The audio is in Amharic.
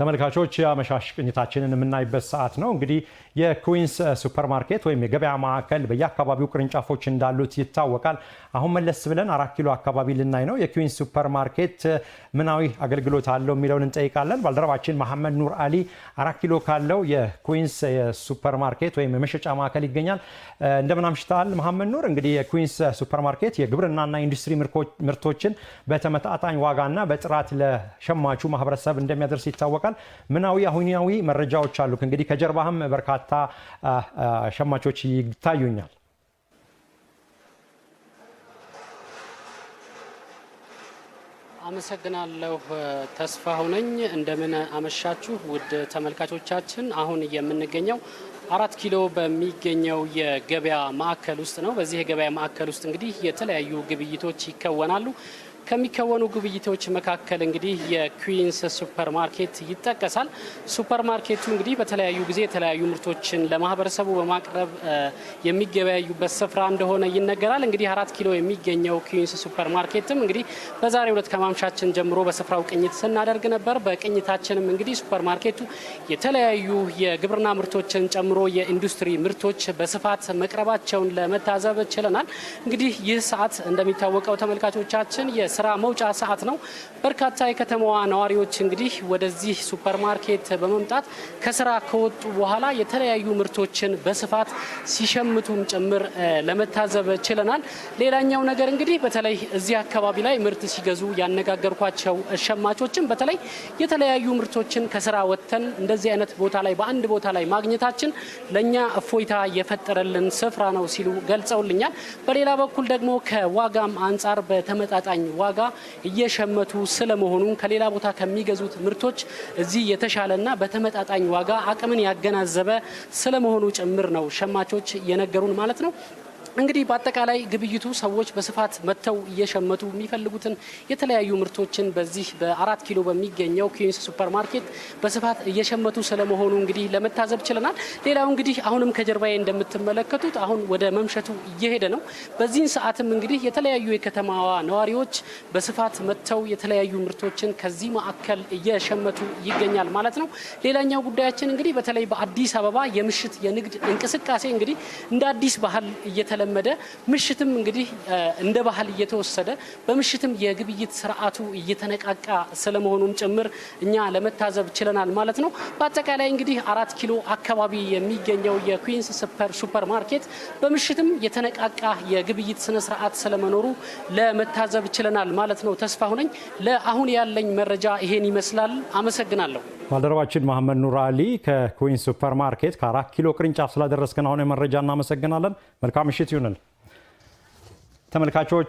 ተመልካቾች የአመሻሽ ቅኝታችንን የምናይበት ሰዓት ነው። እንግዲህ የኩዊንስ ሱፐርማርኬት ወይም የገበያ ማዕከል በየአካባቢው ቅርንጫፎች እንዳሉት ይታወቃል። አሁን መለስ ብለን አራት ኪሎ አካባቢ ልናይ ነው። የኩዊንስ ሱፐርማርኬት ምናዊ አገልግሎት አለው የሚለውን እንጠይቃለን። ባልደረባችን መሐመድ ኑር አሊ አራት ኪሎ ካለው የኩዊንስ ሱፐርማርኬት ወይም የመሸጫ ማዕከል ይገኛል። እንደምን አምሽተዋል መሐመድ ኑር። እንግዲህ የኩዊንስ ሱፐርማርኬት የግብርናና ኢንዱስትሪ ምርቶችን በተመጣጣኝ ዋጋና በጥራት ለሸማቹ ማህበረሰብ እንደሚያደርስ ይታወቃል። ይታወቃል። ምናዊ አሁናዊ መረጃዎች አሉ። እንግዲህ ከጀርባህም በርካታ ሸማቾች ይታዩኛል። አመሰግናለሁ ተስፋ ነኝ። እንደምን አመሻችሁ ውድ ተመልካቾቻችን። አሁን የምንገኘው አራት ኪሎ በሚገኘው የገበያ ማዕከል ውስጥ ነው። በዚህ የገበያ ማዕከል ውስጥ እንግዲህ የተለያዩ ግብይቶች ይከወናሉ። ከሚከወኑ ግብይቶች መካከል እንግዲህ የኩዊንስ ሱፐር ማርኬት ይጠቀሳል። ሱፐር ማርኬቱ እንግዲህ በተለያዩ ጊዜ የተለያዩ ምርቶችን ለማህበረሰቡ በማቅረብ የሚገበያዩበት ስፍራ እንደሆነ ይነገራል። እንግዲህ አራት ኪሎ የሚገኘው ኩዊንስ ሱፐር ማርኬትም እንግዲህ በዛሬው ዕለት ከማምሻችን ጀምሮ በስፍራው ቅኝት ስናደርግ ነበር። በቅኝታችንም እንግዲህ ሱፐር ማርኬቱ የተለያዩ የግብርና ምርቶችን ጨምሮ የኢንዱስትሪ ምርቶች በስፋት መቅረባቸውን ለመታዘብ ችለናል። እንግዲህ ይህ ሰዓት እንደሚታወቀው ተመልካቾቻችን የስራ መውጫ ሰዓት ነው። በርካታ የከተማዋ ነዋሪዎች እንግዲህ ወደዚህ ሱፐርማርኬት በመምጣት ከስራ ከወጡ በኋላ የተለያዩ ምርቶችን በስፋት ሲሸምቱም ጭምር ለመታዘብ ችለናል። ሌላኛው ነገር እንግዲህ በተለይ እዚህ አካባቢ ላይ ምርት ሲገዙ ያነጋገርኳቸው ሸማቾችን በተለይ የተለያዩ ምርቶችን ከስራ ወጥተን እንደዚህ አይነት ቦታ ላይ በአንድ ቦታ ላይ ማግኘታችን ለእኛ እፎይታ የፈጠረልን ስፍራ ነው ሲሉ ገልጸውልኛል። በሌላ በኩል ደግሞ ከዋጋም አንጻር በተመጣጣኝ ዋጋ እየሸመቱ ስለመሆኑ ከሌላ ቦታ ከሚገዙት ምርቶች እዚህ የተሻለና በተመጣጣኝ ዋጋ አቅምን ያገናዘበ ስለመሆኑ ጭምር ነው ሸማቾች የነገሩን ማለት ነው። እንግዲህ በአጠቃላይ ግብይቱ ሰዎች በስፋት መጥተው እየሸመቱ የሚፈልጉትን የተለያዩ ምርቶችን በዚህ በአራት ኪሎ በሚገኘው ኩዊንስ ሱፐር ማርኬት በስፋት እየሸመቱ ስለመሆኑ እንግዲህ ለመታዘብ ችለናል። ሌላው እንግዲህ አሁንም ከጀርባዬ እንደምትመለከቱት አሁን ወደ መምሸቱ እየሄደ ነው። በዚህን ሰዓትም እንግዲህ የተለያዩ የከተማዋ ነዋሪዎች በስፋት መጥተው የተለያዩ ምርቶችን ከዚህ ማዕከል እየሸመቱ ይገኛል ማለት ነው። ሌላኛው ጉዳያችን እንግዲህ በተለይ በአዲስ አበባ የምሽት የንግድ እንቅስቃሴ እንግዲህ እንደ አዲስ ባህል እየተለ እየተለመደ ምሽትም እንግዲህ እንደ ባህል እየተወሰደ በምሽትም የግብይት ስርዓቱ እየተነቃቃ ስለመሆኑም ጭምር እኛ ለመታዘብ ችለናል ማለት ነው። በአጠቃላይ እንግዲህ አራት ኪሎ አካባቢ የሚገኘው የኩዊንስ ሱፐር ማርኬት በምሽትም የተነቃቃ የግብይት ስነ ስርዓት ስለመኖሩ ለመታዘብ ችለናል ማለት ነው። ተስፋ ሁነኝ ለአሁን ያለኝ መረጃ ይሄን ይመስላል። አመሰግናለሁ። ባልደረባችን መሐመድ ኑር አሊ ከኩዊን ሱፐርማርኬት ከአራት ኪሎ ቅርንጫፍ ስላደረስከን አሁን መረጃ እናመሰግናለን። መልካም ምሽት ይሁንል ተመልካቾች።